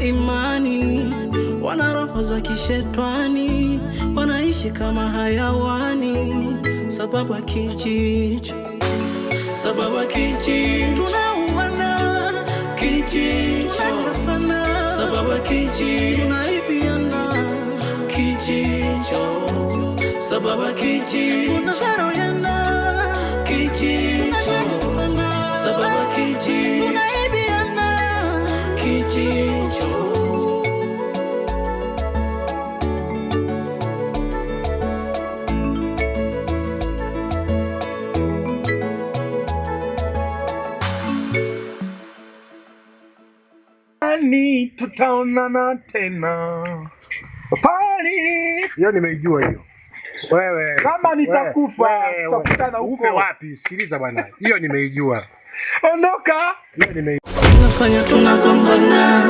imani, wana roho za kishetwani, wanaishi kama hayawani, sababu ya kijiji, sababu ya kijiji, tunauana kijiji sana, sababu ya kijiji, tunaibiana kijiji, sababu ya kijiji, tunashauriana tutaonana tena. Fali. Hiyo nimeijua hiyo. Wewe. Kama nitakufa tutakutana huko. Ufe wapi? Sikiliza bwana. Hiyo nimeijua. Ondoka. Hiyo nimeijua. Tunafanya tunagombana.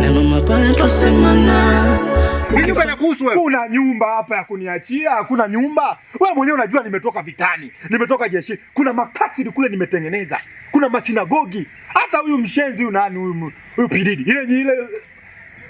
Neno mapaya twasemana. Kuna nyumba hapa ya kuniachia? kuna nyumba. Wewe mwenyewe unajua nimetoka vitani, nimetoka jeshi. kuna makasiri kule nimetengeneza, kuna masinagogi. Hata huyu mshenzi huyu nani huyu huyu Pididi, ile ile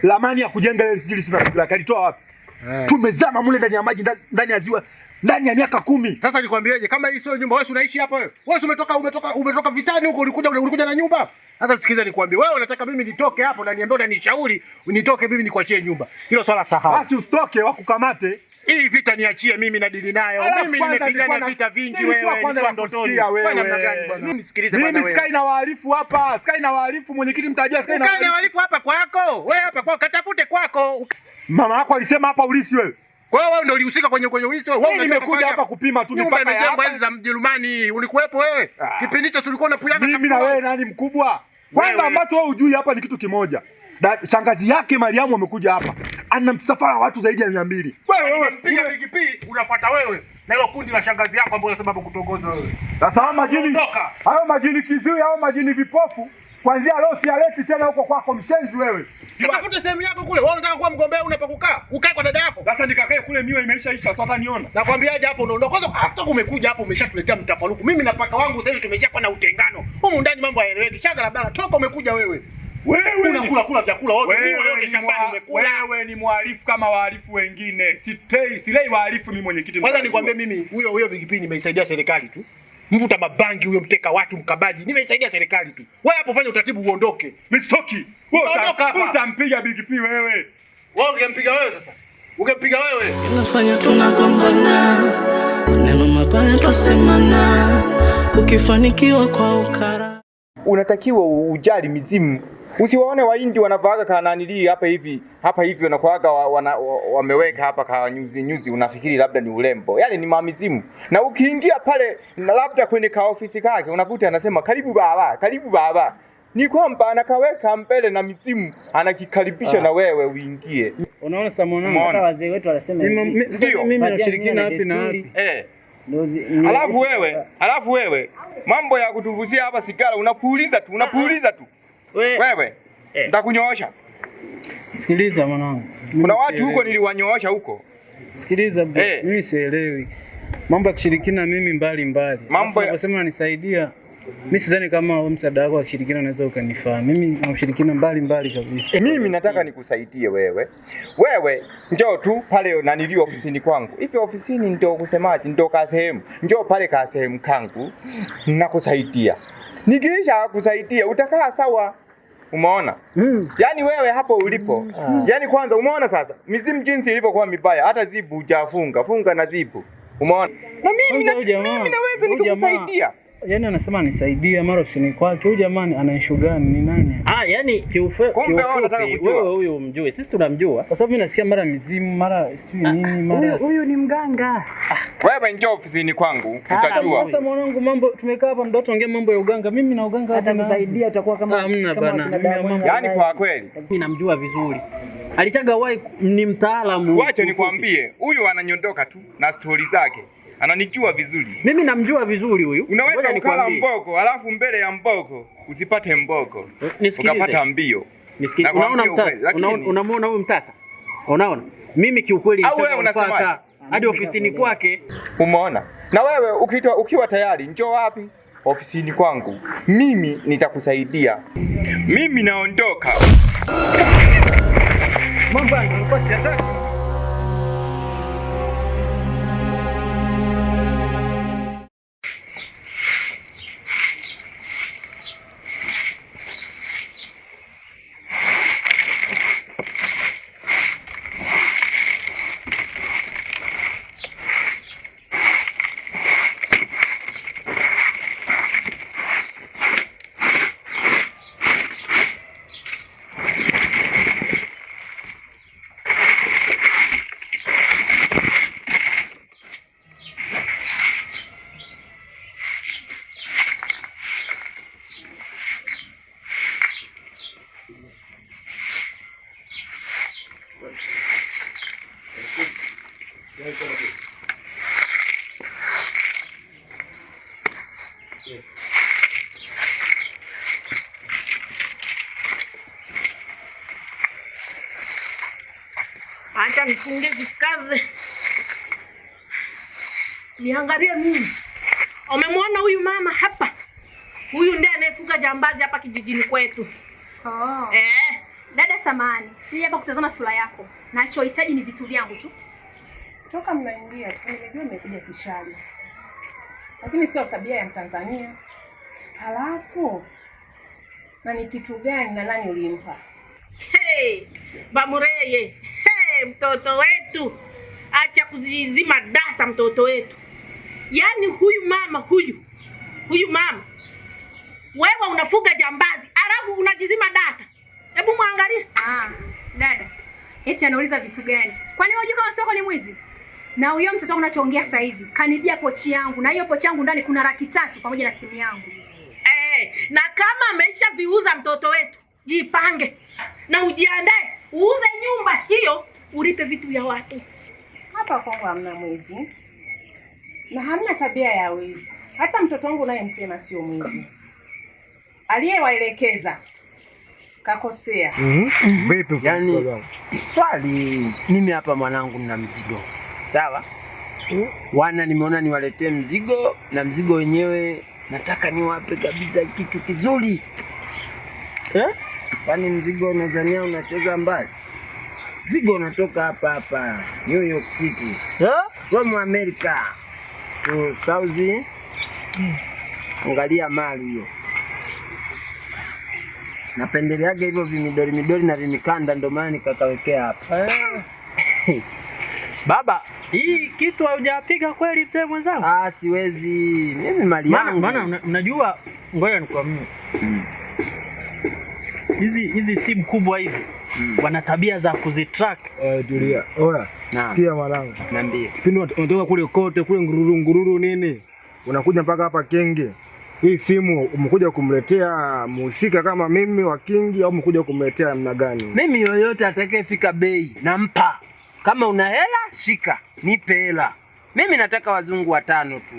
lamani ya kujenga ile sijili sina kalitoa wapi? Eh. Tumezama mule ndani ya maji, ndani ya ziwa, ndani ya miaka kumi. Sasa nikwambieje, kama hii sio nyumba, wewe unaishi hapa wewe? Wewe umetoka umetoka umetoka vitani huko, ulikuja ulikuja na nyumba. Sasa sikiza nikwambie, wewe unataka mimi nitoke hapo na niambie unanishauri nitoke mimi nikuachie nyumba? Hilo swala sahau. Basi usitoke, wakukamate. Hii vita niachie mimi na dili nayo. Mimi nimepigana vita vingi wewe. Kwa Kwa kwanza wewe. namna gani bwana? Mimi sikilize bwana wewe. Mimi sikai na wahalifu hapa. Sikai na wahalifu mwenyekiti mtajua sikai na wahalifu hapa kwako. Wewe hapa kwako katafute kwako. Mama yako alisema hapa ulisi wewe. Kwa hiyo wewe ndio ulihusika kwenye kwenye ulisi wewe. Wewe nimekuja hapa kupima tu mipaka ya hapa. Nyumba za Mjerumani ulikuwepo wewe. Ah. Kipindi hicho tulikuwa tunapuyaga kama mimi na wewe nani mkubwa? Kwamba ambacho wewe ujui hapa ni kitu kimoja. Da, shangazi yake Mariamu amekuja hapa. Ana msafara wa watu zaidi ya 200. Wewe mpiga pikipiki unafuata wewe. Na hilo kundi la shangazi yako ambao unasema kutongoza wewe. Sasa hao majini. Hayo majini kizuri, hao majini vipofu. Kwanzia leo sialeti tena huko kwako, mshenzi wewe. Tafute sehemu yako kule. Wewe unataka kuwa mgombea una pa kukaa? Ukae kwa dada yako. Sasa nikakae kule miwa imeisha isha, sasa hutaniona. Nakwambiaje hapo unaondoka. Kwanza hata umekuja hapo umeshatuletea mtafaruku. Mimi na paka wangu sasa hivi kwa na utengano. Humu ndani mambo hayaeleweki. Shanga la bana toka umekuja wewe. Wewe unakula kula vyakula wote. Wewe wewe shambani umekula. Wewe ni mhalifu kama wahalifu wengine. Sitei, silei wahalifu mimi mwenyekiti. Kwanza nikwambie mimi huyo huyo Big nimeisaidia serikali tu mvuta mabangi huyo, mteka watu, mkabaji, nimeisaidia serikali tu. Wewe hapo fanya utaratibu uondoke, mistoki hapa. utampiga Big P wewe. Wewe ungempiga wewe sasa, ungempiga wewe. Tunafanya tunagombana, neno mabaya tusemana. ukifanikiwa kwa ukara unatakiwa ujali mizimu Usiwaone Wahindi wanavaaga kananilii hapa hivi hapa hivi wanakuaga wameweka wa, wa hapa kwa nyuzi nyuzi, unafikiri labda ni urembo, yale yaani ni mamizimu. Na ukiingia pale labda kwenye ka ofisi kake unakuta anasema karibu baba, karibu baba, ni kwamba anakaweka mbele na mizimu anakikaribisha ah, na wewe uingie. Unaona mwanangu, hata wazee wetu wanasema mimi nashirikina wapi na wapi eh Alafu wewe, alafu wewe mambo ya kutuvuzia hapa sigara, unapuuliza tu, unapuuliza tu wewe, eh. Nitakunyoosha. Sikiliza mwanangu. Kuna watu huko niliwanyoosha huko. Sikiliza eh. Mimi sielewi mambo ya kushirikina mimi mbali mbali. Mambo ya kusema unanisaidia. Mimi sidhani kama msaada wako wa kushirikina unaweza ukanifaa. Mimi na ushirikina mbali mbali kabisa. E, mimi nataka nikusaidie wewe. Wewe njoo tu pale na nilio ofisini kwangu. hivyo ofisini ndio kusemaje? Ndio ka sehemu. Njoo pale ka sehemu kangu. Nakusaidia. Nikiisha kusaidia utakaa sawa. Umeona? Mm. Yaani wewe hapo ulipo. Mm. Ah. Yaani kwanza umeona sasa mizimu jinsi ilivyokuwa mibaya hata zibu hujafunga, funga na zibu. Umeona? Na mimi mimi naweza nikukusaidia yani anasema nisaidie, mara ofisini kwake. Huyu jamani ana issue gani? Ni nani? Ah, yani kiufe, kumbe wewe huyu umjue. Sisi tunamjua kwa sababu mimi nasikia mara mizimu, mara sijui ah, nini, mara huyu ni mganga. Wewe njoo ofisini kwangu ah, utajua. Sasa mwanangu, mambo tumekaa hapa mdoto ongea mambo ya uganga. Mimi na uganga hata nisaidia, atakuwa kama ah, hamna bana. Yani kwa kweli mimi namjua vizuri Alichaga wai ni mtaalamu. Wacha nikwambie, huyu ananyondoka tu na stori zake. Ananijua vizuri. Mimi namjua vizuri huyu. Unaweza ukala mboko, alafu mbele ya mboko usipate mboko. Ukapata mbio. Nisikilize. Unaona mtata? Unamuona huyu mtata? Unaona? Mimi kiukweli hadi ofisini kwake. Umeona? Na wewe ukiitwa ukiwa tayari njoo wapi? Ofisini kwangu. Mimi nitakusaidia. Mimi naondoka. Mambo yangu kwa siataki. Acha nifunge vikaze, niangalie mimi. Umemwona huyu mama hapa? Huyu ndiye anayefuga jambazi hapa kijijini kwetu. Oh. Eh, dada samani, si hapa kutazama sura yako, nachohitaji ni vitu vyangu tu toka mnaingia nimejua mmekuja kishali, lakini sio tabia ya Mtanzania. Halafu na ni kitu gani na nani ulimpa? Hey, Bamureye, hey, mtoto wetu acha kuzizima data, mtoto wetu. Yaani huyu mama huyu huyu mama, wewe unafuga jambazi alafu unajizima data. Hebu mwangalie. Ah, dada eti anauliza vitu gani? Kwani wajua soko ni mwizi? na huyo mtoto wangu nachoongea sasa hivi kanibia pochi yangu, na hiyo pochi yangu ndani kuna laki tatu pamoja na simu yangu eh. Na kama ameisha viuza mtoto wetu, jipange na ujiandae, uuze nyumba hiyo, ulipe vitu vya watu. Hapa kwangu hamna mwizi na hamna tabia ya wizi. Hata mtoto wangu naye msema sio mwizi, aliyewaelekeza kakosea. mm -hmm. yani, swali mimi hapa mwanangu nina mzigo sawa mm. Wana nimeona niwaletee mzigo, na mzigo wenyewe nataka niwape kabisa kitu kizuri eh? Kwani mzigo unazania unacheza mbali? Mzigo unatoka hapa hapa New York City from eh? America to South. Mm. Angalia mali hiyo, napendeleaga hivyo vimidori midori na vimikanda, ndio maana nikakawekea hapa eh? baba hii kitu haujapiga kweli mzee mwenzangu? Ah, siwezi. Mimi mali yangu. Maana unajua ngoja nikwambie. Mm. Hizi hizi simu kubwa hizi mm. wana tabia za kuzitrack. Eh, Julia. Oya. pia mwanangu. Niambie. Kipindi unatoka kule kote kule ngururu ngururu nini? Unakuja mpaka hapa Kingi. Hii simu umekuja kumletea mhusika kama mimi wa Kingi au umekuja kumletea namna gani? Mimi yoyote atakayefika bei nampa. Kama una hela shika, nipe hela. Mimi nataka wazungu watano tu,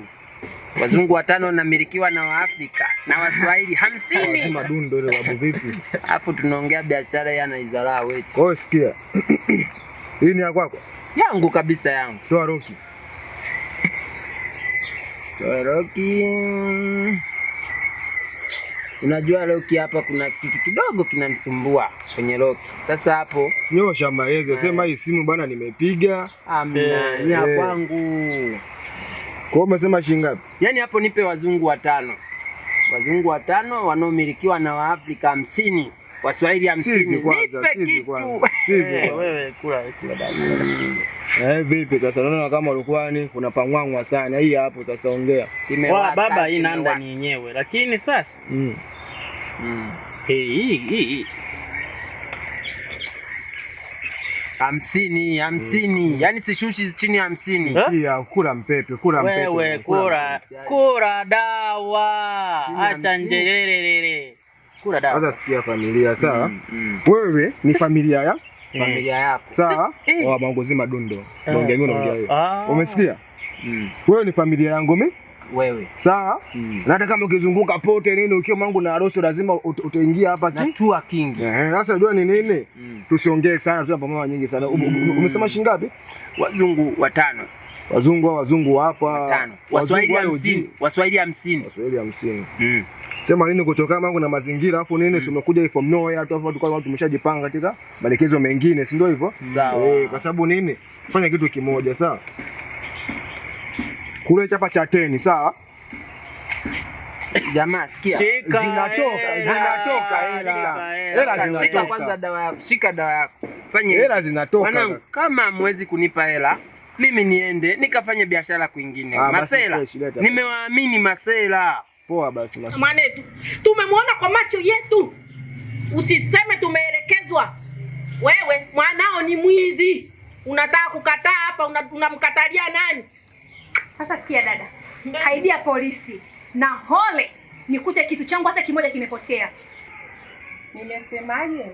wazungu watano wanamilikiwa na Waafrika na Waswahili hamsini. Alafu tunaongea biashara ya naizalaa wetu. Oh, sikia hii ni ya kwako? Yangu kabisa, yangu. Toa roki, toa roki. Unajua loki hapa kuna kitu kidogo kinanisumbua kwenye loki. Sasa hapo nyosha maelezo, eh. sema hii simu bwana nimepiga amna eh, ni hey, eh. kwangu. Kwa umesema shilingi ngapi? Yaani hapo nipe wazungu watano, wazungu watano wanaomilikiwa na Waafrika hamsini Waswahili hamsini. Nipe kitu. Eh. Wewe kula kula basi. Eh, vipi sasa naona kama ulikuwa ni kuna pangwangwa sana. Hii hapo sasa ongea. Wa baba hii nanda ni yenyewe lakini sasa. Mm. Mm. Hey, eh, hii hii hamsini mm. hamsini mm. Yaani sishushi chini ya hamsini. Eh? Kula mpepe, kula mpepe. Wewe kula kula dawa. Acha njelelelele. Kuna dawa. Sasa sikia familia, sawa? Mm, mm. Wewe ni familia ya familia eh. yako. Sawa? Wa eh. oh, Mangozi Madundo. Naongea eh. mimi naongea ah. wewe. Ah. Umesikia? Mm. Wewe ni familia yangu mimi wewe sawa, mm. Na hata kama ukizunguka pote nini, ukiwa mangu na arosto lazima utaingia hapa tu natua kingi. Eh, sasa unajua ni nini? mm. Tusiongee sana, tuna pamoja nyingi sana mm. Umesema shilingi ngapi? Wazungu watano. Wazungu hao wazungu hapa watano. Waswahili 50. Waswahili 50. Waswahili 50. Mm sema nini kutokana mangu na mazingira afu nini mm. Tumekuja from nowhere tu, alafu tukao tumeshajipanga katika maelekezo mengine, si ndio hivyo? Sawa. Eh, kwa sababu nini fanya kitu kimoja sawa. Kule chapa cha teni sawa. Jamaa sikia, zinatoka zinatoka hela hela zinatoka. Kwanza dawa yako, shika dawa yako, fanye hela zinatoka. Mwanangu, kama mwezi kunipa hela mimi niende nikafanye biashara kwingine. Ah, masela nimewaamini masela Poa basi na manetu. Tumemwona kwa macho yetu. Usiseme tumeelekezwa. Wewe mwanao ni mwizi. Unataka kukataa hapa, unamkatalia una nani? Sasa sikia dada, kaidia polisi na hole nikute kitu changu hata kimoja kimepotea. Nimesemaje?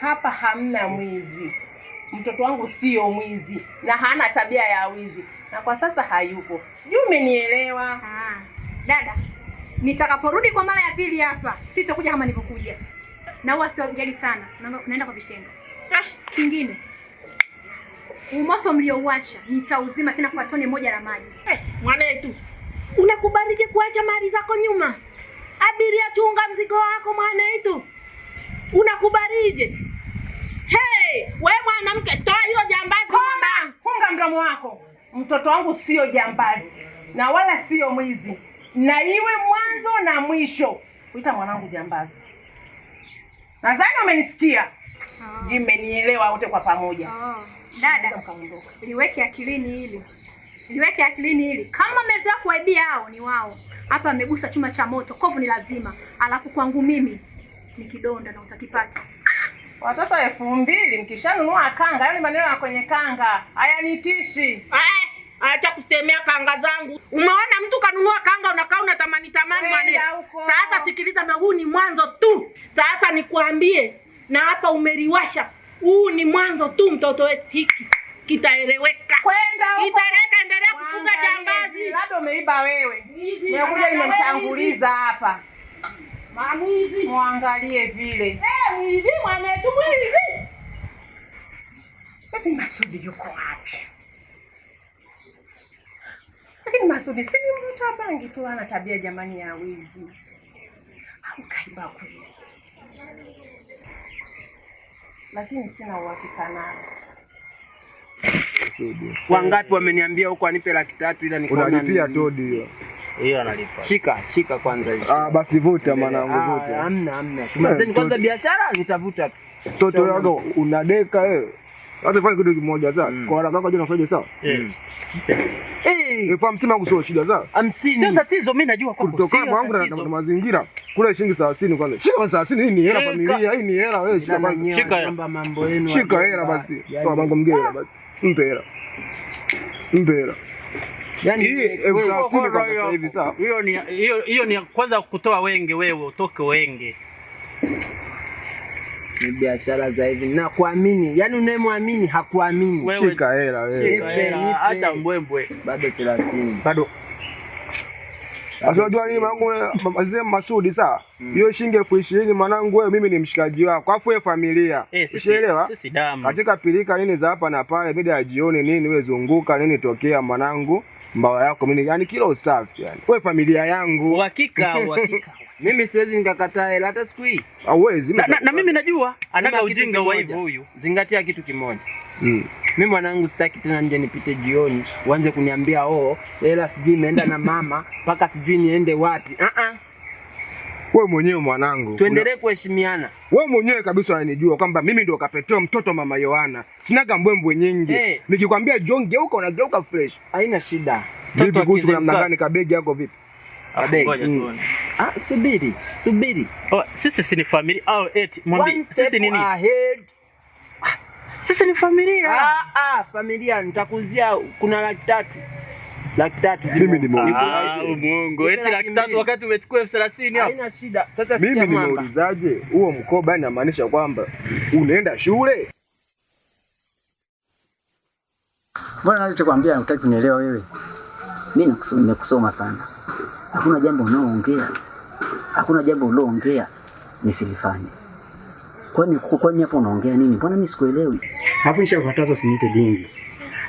Hapa hamna mwizi. Mtoto wangu sio mwizi na hana tabia ya wizi, na kwa sasa hayupo. Sijui umenielewa? Ah, dada Nitakaporudi kwa mara ya pili hapa sitakuja kama nilivyokuja, na huwa siwajali sana naenda kwa vitendo. Ah. kingine umoto mliouwasha nitauzima tena kwa tone moja la maji. Hey, eh, mwanetu unakubalije kuacha mali zako nyuma? Abiria, chunga mzigo wako mwanetu, unakubalije? Hey, we mwanamke, toa hiyo jambazi, funga mdomo wako. Mtoto wangu sio jambazi na wala sio mwizi na iwe mwanzo na mwisho. Kuita mwanangu jambazi, nadhani umenisikia, sijui ah. mmenielewa wote kwa pamoja. Ah. dada, liweke akilini hili liweke akilini hili. Kama mezoea kuwaibia hao, ni wao. Hapa amegusa chuma cha moto, kovu ni lazima. Alafu kwangu mimi ni kidonda na utakipata. Watoto elfu mbili mkishanunua kanga, yaani maneno ya kwenye kanga hayanitishi. Acha kusemea kanga zangu. Umeona mtu kanunua kanga unakaa unatamani tamani bwana. Sasa sikiliza, na huu ni mwanzo tu. Sasa nikuambie, na hapa umeliwasha. Huu ni mwanzo tu, mtoto wetu hiki kitaeleweka. kwenda huko, Kitaeleweka, endelea kufuga jambazi. Labda umeiba wewe. Nimekuja nimemtanguliza hapa. Mamizi, muangalie vile. Eh, hivi mwanetu hivi. Sasa Masudi yuko wapi? Lakini Masudi si mvuta bangi tu, ana tabia jamani ya wizi au kaiba kweli, lakini sina uhakika nao. Wangapi wameniambia huko anipe laki tatu, ila nikaona unalipia todi hiyo hiyo analipa. Shika shika kwanza hiyo. Ah, basi vuta mwanangu, ah, vuta. Hamna hamna, eh, kwanza biashara zitavuta tu toto yako unadeka wewe hata fanya kitu kimoja sawa. Mm. Kwa haraka yako unafanya faida sawa? Eh. kwa hamsini yangu sio shida sawa? Hamsini. Sio tatizo mimi najua kwako. Kutoka kwangu na mazingira kule shilingi 30 kwanza. Shilingi 30 hii ni hela familia, hii ni hela wewe shika basi. Shika hela mambo yenu. Shika hela basi. Toa bango mgeni basi. Mpe hela. Mpe hela. Yaani elfu kwa sasa hivi sawa? Hiyo ni hiyo hiyo ni kwanza kutoa wenge wewe utoke wenge ni biashara za hivi na kuamini, yani unayemwamini hakuamini. Shika hela wewe, hata mbwembwe bado 30 bado Unajua nini mwanangu, mzee Masudi, saa hmm. hiyo mm. shilingi elfu ishirini mwanangu, wewe mimi ni mshikaji wako, afu wewe familia eh, ushaelewa katika pilika nini za hapa na pale, mida ya jioni nini, wewe zunguka nini, tokea mwanangu, mbao yako mimi, yani kila usafi, yani wewe familia yangu, uhakika uhakika Mimi siwezi nikakataa hela hata siku hii. Hauwezi. Ah, na, na, na mimi najua anaga ujinga wa hivyo huyu. Zingatia kitu kimoja. Mm. Mimi mwanangu sitaki tena nje nipite jioni, uanze kuniambia oo oh, hela sijui imeenda na mama mpaka sijui niende wapi. Ah uh ah. -uh. Wewe mwenyewe mwanangu. Tuendelee una... kuheshimiana. Wewe mwenyewe kabisa unanijua kwamba mimi ndio kapetoa mtoto mama Yohana. Sinaga mbwembwe nyingi. Hey. Eh. Nikikwambia John geuka unageuka fresh. Haina shida. Vipi kuhusu namna gani kabegi yako vipi? Kabegi. Ah, subiri, subiri. Oh, sisi si ni familia au oh, eti mwambie sisi nini? Ahead. Ah, sisi ni familia. Ah, ah, familia nitakuzia kuna laki tatu. Laki tatu mimi ni mwongo. Ah, mwongo. Eti laki tatu wakati umechukua elfu thelathini hapo. Oh. Haina shida. Sasa sikia mwamba. mimi ni nimeulizaje? Huo mkoba inamaanisha kwamba unaenda shule? Mbona nilichokwambia hutaki kunielewa wewe? Mimi nakusoma sana. Hakuna jambo unaoongea hakuna jambo uloongea nisilifanye. Kwani kwani hapo unaongea nini? Mbona mimi sikuelewi? Alafu nishakataza usiniite dingi.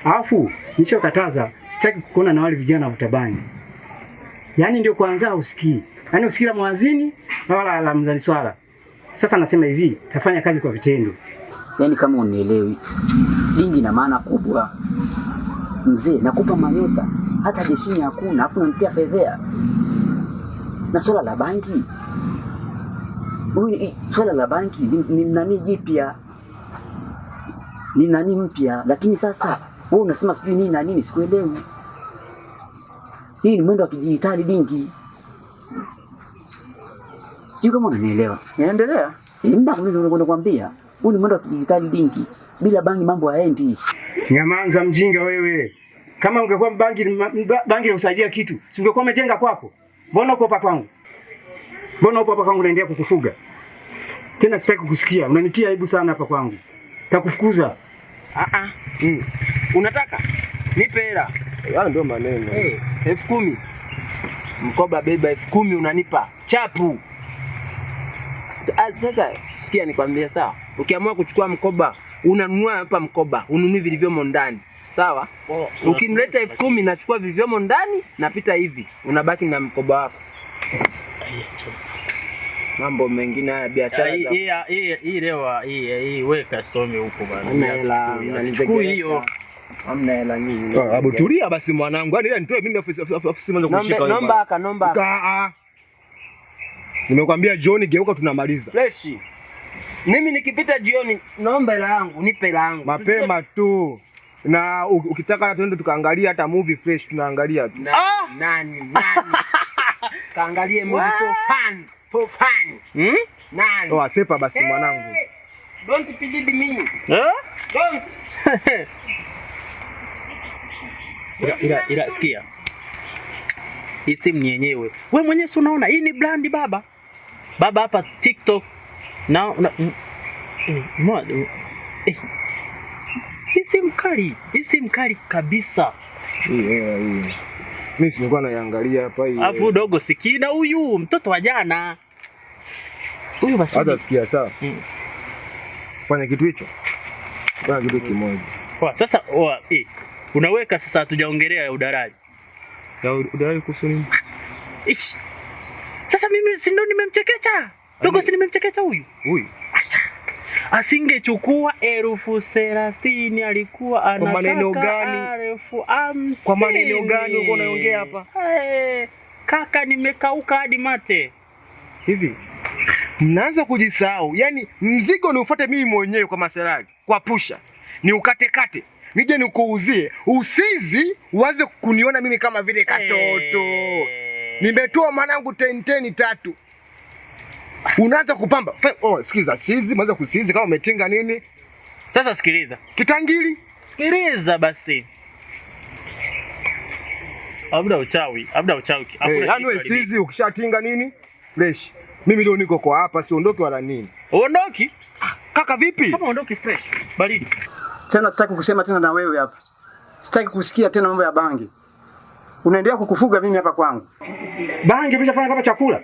Alafu nishakataza sitaki kukuona na wale vijana wa utabangi. Yaani ndio kwanza usikii. Yaani usikii la mwazini wala la mzani swala. Sasa nasema hivi, tafanya kazi kwa vitendo. Yaani kama unielewi. Dingi na maana kubwa. Mzee, nakupa manyota hata jeshini hakuna, afu unanitia fedhea. Na swala la banki, eh, swala la banki ni nani jipya, ni nani mpya, lakini sasa wewe unasema sijui nini na nini, sikuelewi. Hii ni mwendo wa kidijitali dingi, sijui kama unanielewa. Naendelea eh, mda kuambia huu ni mwendo wa kidijitali dingi, bila bangi mambo haendi. Nyamanza mjinga wewe! Kama ungekuwa bangi bangi inakusaidia kitu, si ungekuwa umejenga kwako? Mbona uko hapa kwangu? Mbona uko hapa kwangu naendelea kukufuga? Tena sitaki kukusikia. Unanitia aibu sana hapa kwangu. Takufukuza. Ah ah. Mm. Unataka? Nipe hela. Hayo ndio maneno. Eh, hey, elfu kumi. Mkoba beba elfu kumi unanipa. Chapu. Ah, sasa sikia nikwambie sawa. Ukiamua kuchukua mkoba, unanunua hapa mkoba, ununui vilivyomo ndani sawa. oh, Ukimleta elfu kumi nachukua vilivyomo ndani, napita hivi, unabaki na mkoba wako. Mambo mengine haya biashara hii leo hii weka somi huko bana. hiyo Amna hela nyingi. Abu ah, tulia basi mwanangu. Yaani ile nitoe mimi afisi ofisi mwanzo kushika. Naomba aka naomba. Ah. Nimekwambia jioni geuka tunamaliza. Fresh. Mimi nikipita jioni naomba hela yangu, nipe hela yangu. Mapema tu na ukitaka twende tukaangalia hata movie fresh, tunaangalia tu na, ah! nani nani kaangalie movie for fun for fun hmm? nani toa oh, sepa basi hey! mwanangu don't pilid me eh? don't ila, ila, ila sikia hii simu yenyewe wewe mwenyewe si unaona hii ni brand baba baba hapa TikTok na, na m, m, m, m, m, m, m, m, si mkali, hii si mkali kabisa. Mimi nilikuwa naiangalia hapa hii. Afu dogo sikida huyu mtoto wa jana huyu basi. Hata sikia sawa. Mm. Fanya kitu hicho. Fanya kitu kimoja. Kwa sasa oa, eh, unaweka sasa hatujaongelea ya udalali. Ya udalali kuhusu nini? Sasa mimi si ndo nimemchekecha. Dogo yaani- si nimemchekecha huyu. Huyu asingechukua elfu thelathini alikuwa anataka kwa maneno gani? elfu hamsini. Kwa maneno gani uko unaongea hapa? Eh, kaka, nimekauka hadi mate hivi mnaanza kujisahau. Yaani mzigo niufuate mimi mwenyewe kwa maserali, kwa pusha, ni ukatekate, nije nikuuzie, usizi uanze kuniona mimi kama vile katoto. Hey, eh. nimetoa mwanangu tenteni tatu unaanza kupamba. Oh, sikiliza sizi, mwanza kusizi kama umetinga nini. Sasa sikiliza kitangili, sikiliza basi, Abda uchawi, labda uchawi. Hey, eh, yaani wewe sizi ukishatinga nini fresh, mimi leo niko kwa hapa, siondoki wala nini. Uondoki ah, kaka? Vipi kama uondoki fresh, baridi tena. Sitaki kusema tena na wewe hapa, sitaki kusikia tena mambo ya bangi. Unaendelea kukufuga mimi hapa kwangu. Bangi imeshafanya kama chakula.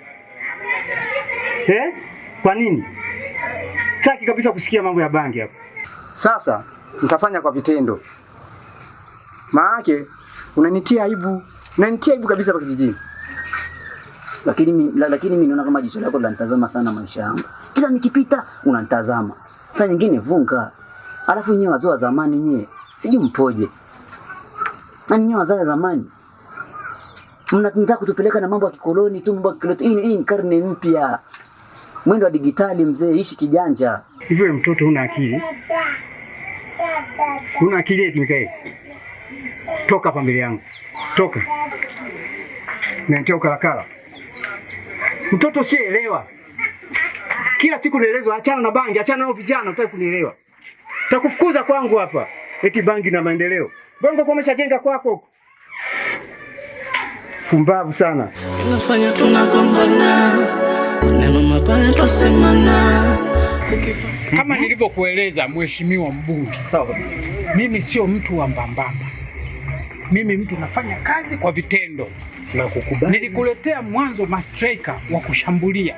Eh? Kwa nini? Sitaki kabisa kusikia mambo ya bangi hapa. Sasa nitafanya kwa vitendo. Maanake unanitia aibu, unanitia aibu kabisa kwa kijijini. Lakini mi, la, lakini mimi naona kama jicho lako linanitazama sana maisha yangu. Kila nikipita unanitazama. Sasa nyingine vunga. Alafu nyewe wazoa zamani nyewe. Sijui mpoje. Na yaani nyewe wazoa zamani. Mnataka kutupeleka na mambo ya kikoloni tu, mambo ya kikoloni. Hii ni karne mpya. Mwendo wa digitali mzee, ishi kijanja. Hivyo mtoto huna akili, huna akili eti mkae? toka hapa mbele yangu, toka naetea ukarakara. Mtoto sielewa, kila siku naelezwa achana na bangi, achana nao vijana. Utaki kunielewa, takufukuza kwangu hapa. Eti bangi na maendeleo, bongo kwa umeshajenga kwako. huko Pumbavu sana unafanya tunakombana maneno mabaya twasemana. Kama nilivyokueleza mheshimiwa mbunge, mimi sio mtu wa mbambamba, mimi mtu nafanya kazi kwa vitendo na kukubali. Nilikuletea mwanzo mastrika wa kushambulia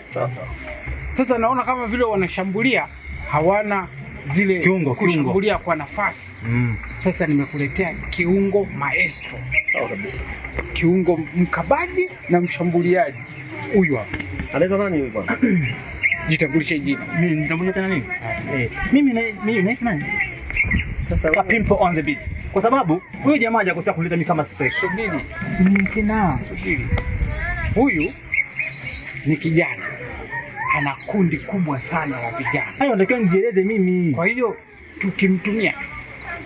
Sasa naona kama vile wanashambulia hawana zile kiungo, kushambulia kiungo kwa nafasi mm. Sasa nimekuletea kiungo maestro kiungo mkabaji na mshambuliaji. Huyu hapa. Anaitwa nani huyu bwana? Jitambulishe jina. Mimi nitambulisha tena nini? Ah, eh. eh. Mimi na mimi na nani? Sasa ka pimpo on the beat. Kwa sababu huyu jamaa hajakosea kuleta mimi kama space. Subiri. Mimi tena. Subiri. Huyu ni kijana. Ana kundi kubwa sana la vijana. Hayo ndio nijieleze mimi. Kwa hiyo tukimtumia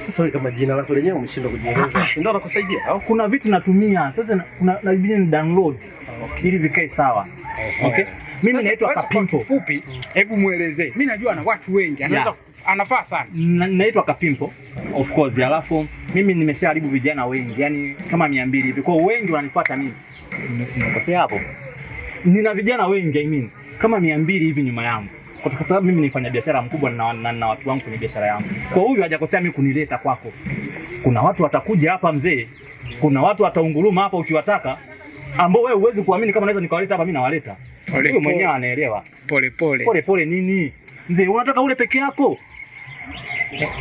sasa kama jina lako lenyewe umeshindwa kujieleza, ah, ndio nakusaidia kuna vitu natumia sasa, kuna na vingine ni download ah, Okay. ili vikae sawa. Okay, mimi naitwa Kapimpo. Kifupi, hebu muelezee. Mimi najua na watu wengi anaweza, anafaa sana. Naitwa Kapimpo of course, alafu mimi nimeshaharibu vijana wengi, Yaani kama 200 hivi, kwa wengi wananifuata mimi. Nimekosea hapo? Nina vijana wengi I mean kama 200 hivi nyuma yangu kwa sababu mimi nifanya biashara mkubwa na, na, na watu wangu kwenye biashara yangu. Kwa huyu hajakosea mimi kunileta kwako. Kuna watu watakuja hapa mzee, kuna watu wataunguruma hapa ukiwataka, ambao wewe huwezi kuamini kama naweza nikawaleta hapa. Mimi nawaleta wewe mwenyewe, anaelewa. Pole pole pole pole nini mzee, unataka ule peke yako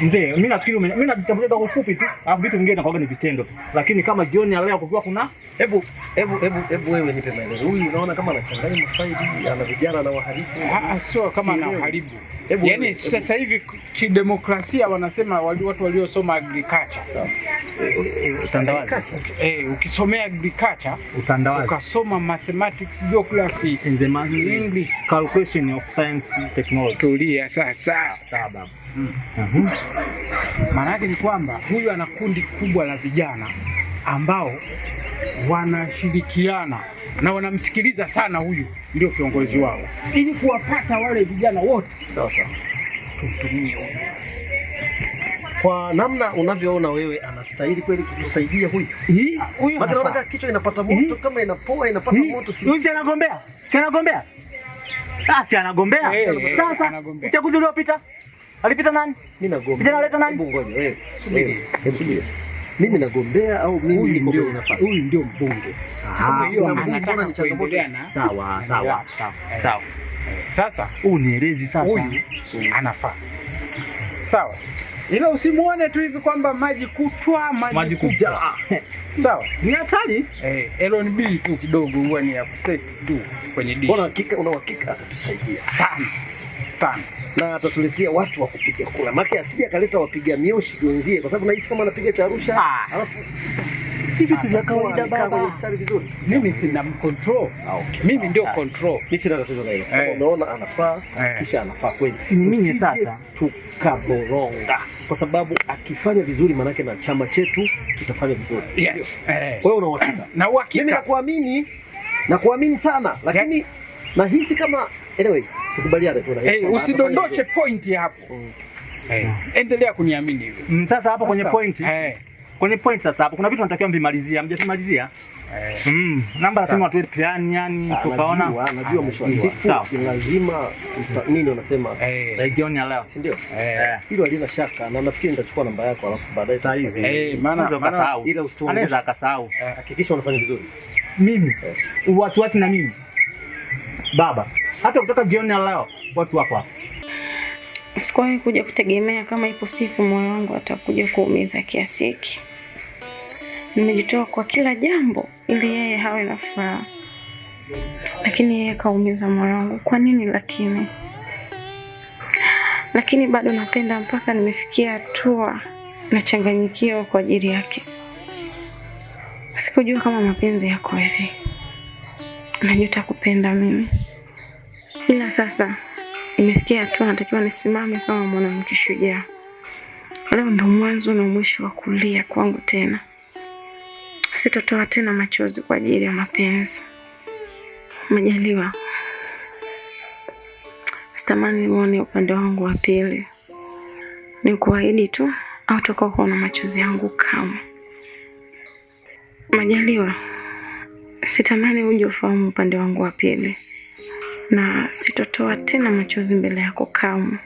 Mzee, mimi nafikiri mimi najitambulisha kwa ufupi tu, alafu vitu vingine nakuaga ni vitendo. Lakini kama jioni ya leo kukiwa kuna hebu hebu hebu hebu wewe nipe maelezo. Huyu unaona kama anachanganya mafaidi, ana vijana na waharibu. Ah, ah, sio kama ana waharibu. Hebu Yaani sasa hivi kidemokrasia wanasema wali watu waliosoma agriculture. Sawa. Eh, eh, eh, utandawazi. Eh, ukisomea agriculture utandawazi. Ukasoma mathematics, geography, the English, calculation of science, technology. Tulia sasa. Sawa baba. Mhm. maana yake ni kwamba huyu ana kundi kubwa la vijana ambao wanashirikiana na wanamsikiliza sana, huyu ndio kiongozi wao, ili kuwapata wale vijana wote. Sasa tumtumie huyu kwa namna unavyoona wewe, anastahili kweli kukusaidia huyu. Huyu kichwa inapata moto, kama inapoa inapata moto. Si anagombea? Si anagombea? Ah, si anagombea? Sasa uchaguzi uliopita Alipita nani? Mimi nagombea. Kijana aleta nani? Hebu ngoja wewe. Eh, subiri. Eh, hebu subiri. Mimi nagombea au mimi ni kwa nafasi? Huyu ndio mbunge. Ah, hiyo anataka ni kuendelea na. Sawa, sawa, sawa. Sawa. Sasa ni elezi sasa. Huyu anafaa. Sawa. Ila usimuone tu hivi kwamba maji kutwa maji kuja. Sawa. Ni hatari. Eh, Elon B tu kidogo huwa ni ya kuseti tu kwenye dishi. Mbona hakika una uhakika atatusaidia sana sana na atatuletea watu wa kupiga kura, maana asije akaleta wapiga mioshi wenzie, kwa sababu nahisi kama anapiga cha Arusha, ah. alafu si vitu vya kawaida baba. Mimi sina mcontrol, ah, mimi ndio ah, control, mimi sina tatizo na hilo. Eh. Unaona, anafaa eh. kisha anafaa kweli. Mimi sasa tukaboronga, kwa sababu akifanya vizuri manake na chama chetu kitafanya vizuri. Yes, eh. wewe una uhakika na uhakika, mimi nakuamini, nakuamini sana, lakini nahisi kama anyway Hey, eh, usidondoshe pointi hapo hey. Eh. Endelea kuniamini mm, sasa hapo kwenye point. hey. Eh. Kwenye point sasa hapo kuna vitu natakiwa mvimalizia, mjavimalizia eh. mm. namba nasema watu plan yani ah, tukaona, najua ah, mwisho ni siku lazima nini unasema eh, like ya leo, si ndio? hilo halina shaka, na nafikiri nitachukua namba yako, alafu baadaye sasa hivi eh, maana anaweza akasahau. Hakikisha unafanya vizuri. Mimi wasiwasi na mimi baba, hata kutoka jioni ya leo watu wako hapa. Sikuwahi kuja kutegemea kama ipo siku moyo wangu atakuja kuumiza kiasi hiki. Nimejitoa kwa kila jambo ili yeye hawe na furaha, lakini yeye kaumiza moyo wangu. Kwa nini? Lakini lakini bado napenda mpaka nimefikia hatua nachanganyikiwa kwa ajili yake. Sikujua kama mapenzi yako hivi. Najuta kupenda mimi ila sasa imefikia hatua natakiwa nisimame kama mwanamke shujaa. Leo ndo mwanzo na mwisho wa kulia kwangu tena. sitotoa tena machozi kwa ajili ya mapenzi. Majaliwa, sitamani muone upande wangu wa pili. Ni kuahidi tu, au toka kuona machozi yangu kama Majaliwa, sitamani uje ufahamu upande wangu wa pili na sitotoa tena machozi mbele yako kamwe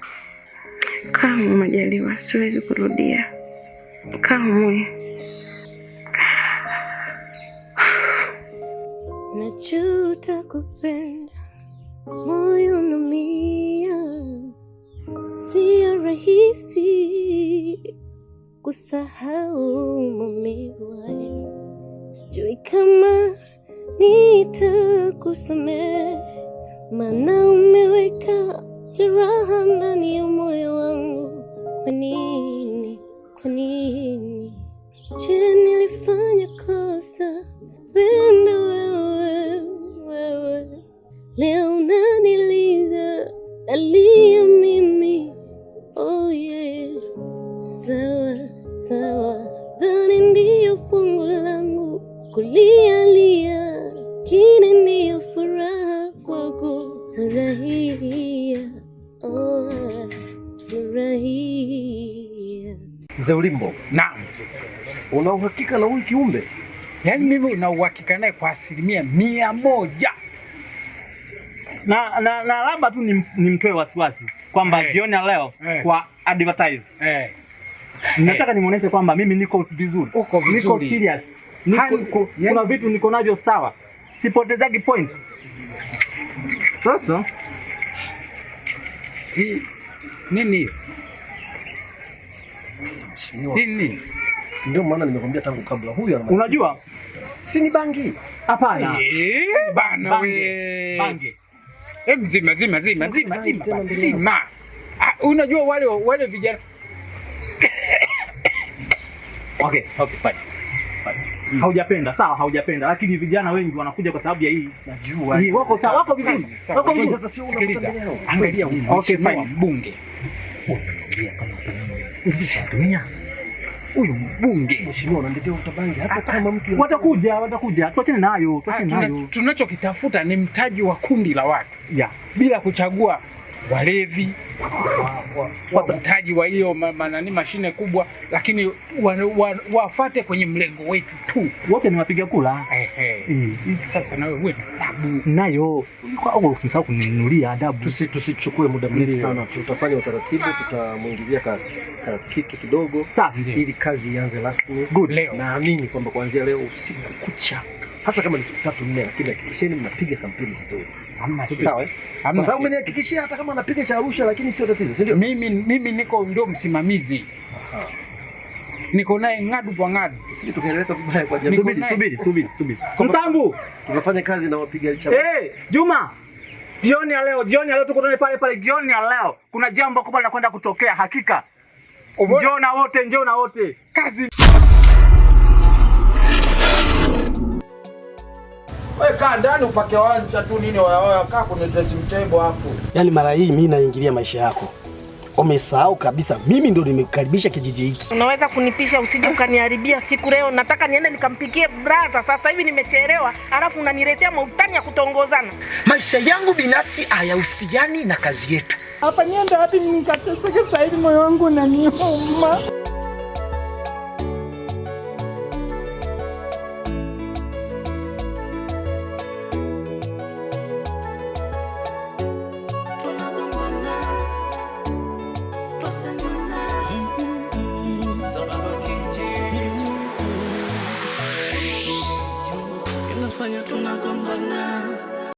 kamwe, Majaliwa, siwezi kurudia kamwe. Najuta kupenda, moyo unaumia, sio rahisi kusahau maumivu haya. Sijui kama nitakusamehe Maana umeweka jeraha ndani ya moyo wangu. Kwa nini? Kwa nini? Je, nilifanya kosa? Penda wewe, wewe leo unaniliza nalia Mzee Ulimbo, naam, una uhakika na huyu kiumbe? Yaani mimi na uhakika naye kwa asilimia mia moja na, na, na labda tu nimtoe ni wasiwasi kwamba hey, eh. jioni ya leo hey, eh. kwa advertise hey, eh. nataka hey, nimuoneshe kwamba mimi niko vizuri, uko vizuri, niko serious, niko kuna yaani- vitu niko navyo sawa, sipotezagi point. Sasa hii nini hiyo nini? Ndio maana nimekwambia tangu kabla huyu ana Unajua? Si ni bangi. Hapana. Eh, bana wewe. Bangi. Eh, mzima zima zima zima zima. Zima. Ah, unajua wale wale vijana. Okay, okay, fine. Mm. Haujapenda sawa, haujapenda lakini vijana wengi wanakuja kwa sababu ya hii. Najua hii wako sawa, wako vizuri, wako vizuri. Sasa sio, angalia, okay fine, mbunge Tumia huyu mbunge mheshimiwa, unaniletea utabangi hapo ah, kama mtu. Ah, watakuja, watakuja, tuachane nayo, tuachane ah, nayo. Tunachokitafuta ni mtaji wa kundi la watu Ya. bila kuchagua walevi, wavutaji wa hiyo wa, wa, wa mashine kubwa, lakini wafate kwenye mlengo wetu tu, wote ni wapiga kula. hey, hey. Eh, eh. Mm. Sasa nawe uwe na adabu nayo, usisahau kuninunulia adabu. Tusichukue muda mrefu sana, tutafanya utaratibu, tutamwingizia ka, ka kitu kidogo ili kazi ianze rasmi. Naamini kwamba kuanzia leo usiku kucha hata kama ni siku tatu nne, lakini hakikisheni mnapiga kampeni nzuri, sawa? Eh? Kwa sababu mnihakikishia hata kama wanapiga cha Arusha, lakini sio tatizo, si ndio? Mimi mimi niko ndio msimamizi. Niko naye ng'adu kwa ng'adu. Sisi tukaeleka vibaya kwa jamii. Subiri, subiri, subiri, subiri. Msambu, tunafanya kazi na wapiga cha. Eh, hey, Juma. Jioni ya leo, jioni ya leo tukutane pale pale, jioni ya leo. Kuna jambo kubwa linakwenda kutokea hakika. Njoo na wote, njoo na wote. Kazi Wewe kaa ndani upake wancha tu nini, wayaoya kaa kwenye dressing table hapo. Yaani mara hii mimi naingilia maisha yako. Umesahau kabisa mimi ndo nimekaribisha kijiji hiki. Unaweza kunipisha usije ukaniharibia siku leo. Nataka niende nikampikie brother sasa hivi nimechelewa, alafu unaniletea mautani ya kutongozana. Maisha yangu binafsi hayahusiani na kazi yetu hapa. Niende wapi nikateseke? Sasa hivi moyo wangu unaniuma.